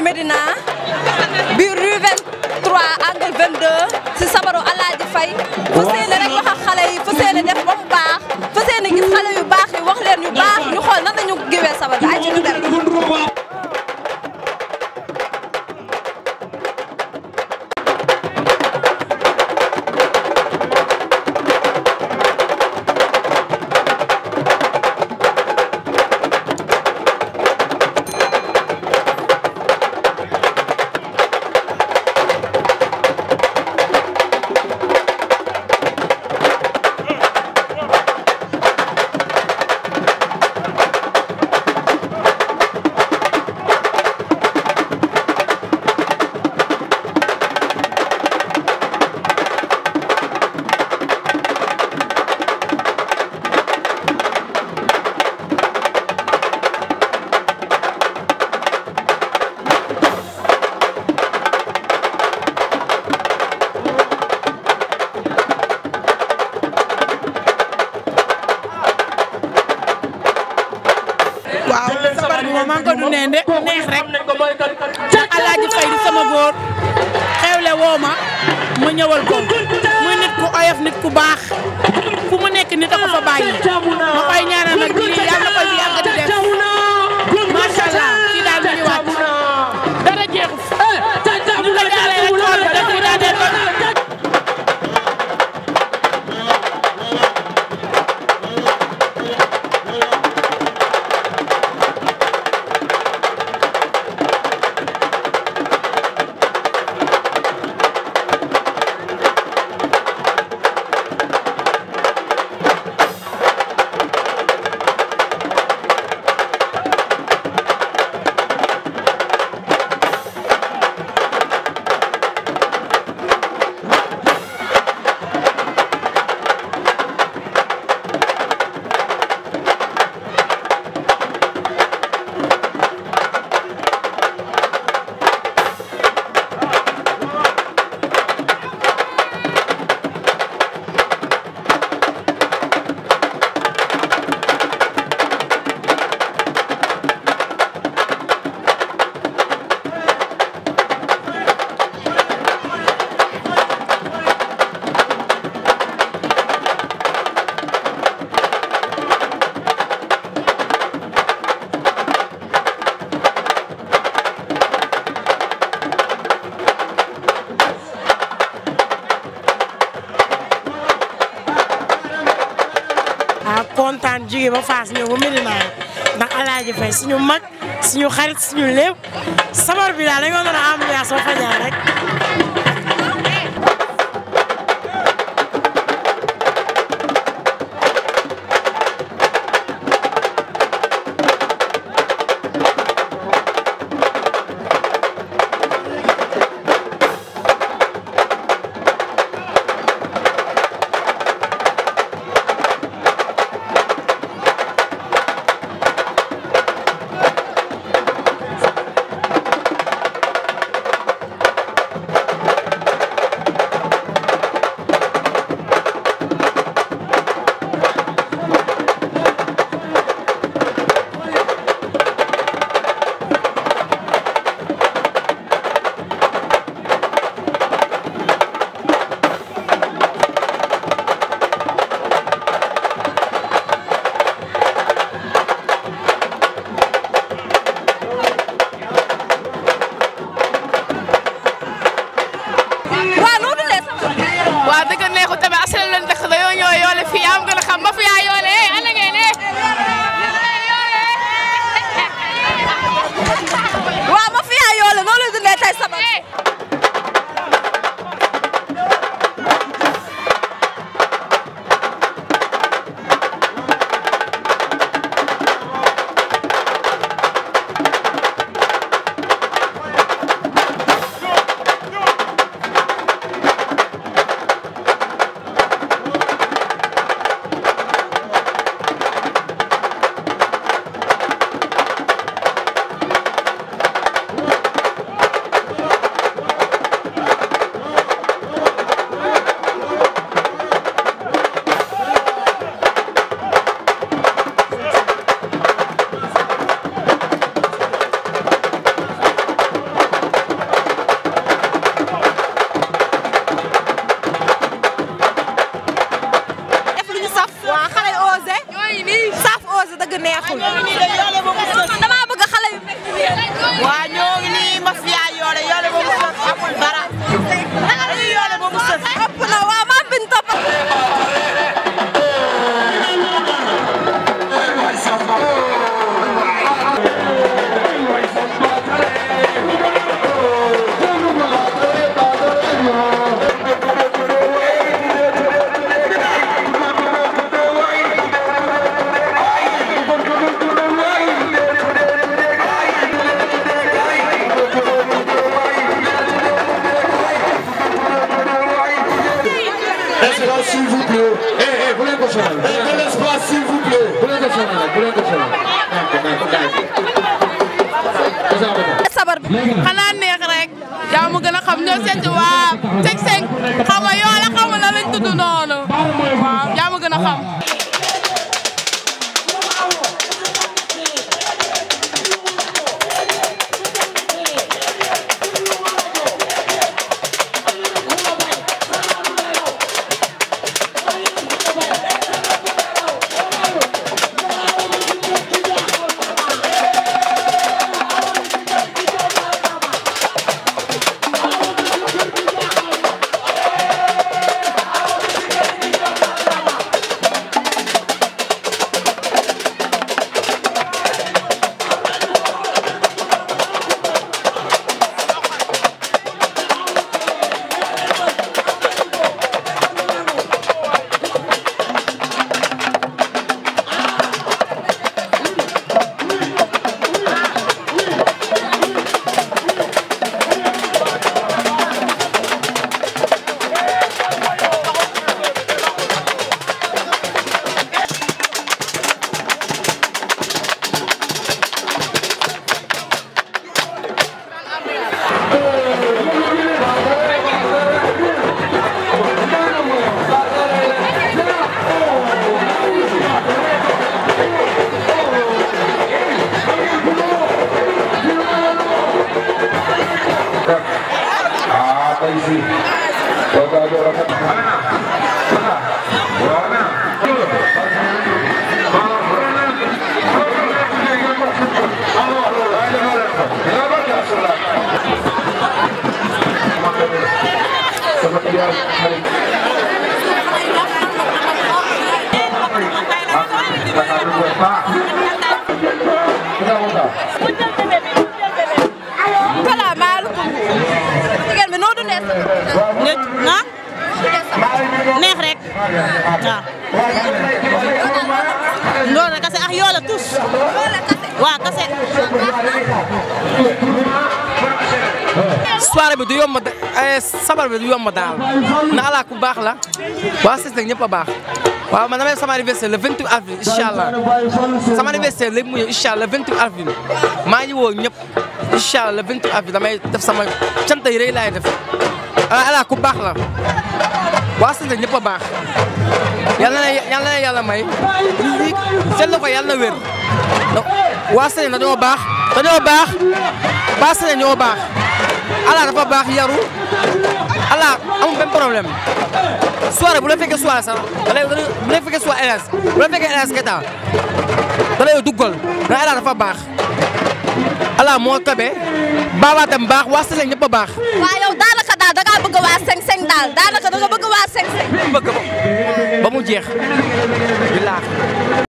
nuyu Medina rue 23 angle 22 c'est Sabaro Alaaji Fay fas rek wax les def ba baax vous yéene les yu baax yi wax baax ñu nan la ñu ñu ne ne neex rek ca Alaaji Fay di sama góor xewle woo ma ma ñëwal ko muy nit ku oyof nit ku baax fu mu nekk nit a ko fa bàyyi ma koy ñaanal nag Colobane jógee ba Fass ñëw ba Medina ndax Alaaji Fay suñu mag suñu xarit suñu lépp sabar bi daal dañoo doon ambiance ba fa jaar rek. neexul. damaa bëgg xale yu mel. waa ñoo ngi s'il vous plaît. Eh, eh, bu leen ko sonal. de l'espace, s'il vous plaît. bu leen ko sonal, bu leen ko sonal. sabar bi xanaa neex rek. yaa ma gën a xam ñoo seet waa Seck Seck xaw ma yoo la xaw ma lan lañ tudd noonu. waaw yaa ma gën a xam. des ah neex rek waaw loolu rek kase ak ah, yoo la tous waaw kase soirée bi du yomb eh, sabar bi du yomb daal na ala ku baax la waa Cissé nag ñëpp a baax waaw man damay sama anniversaire le 28 avril incha allah sama anniversaire léegi mu ñëw incha allah le 28 avril maa ngi woo ñëpp incha allah le 28 avril damay def sama cant yi rëy laay def. Ah, ala ku baax la waas Sénégal ñëpp a baax yal na yal yàlla may lii seen loxo yal na wér waa Sénégal dañoo baax dañoo baax waa Sénégal ñoo baax ala dafa baax yaru ala amul benn problème soirée bu la fekkee soirée sax da lay bu la fekkee soirée LS bu la fekkee LS Keita da lay duggal baax ala moo tabe baabatam baax waa Sénégal ñëpp a baax. da ngaa bëgg waa seng seng daal daanaka bëgg waa seng seng. bëgg ba mu jeex. billaahi.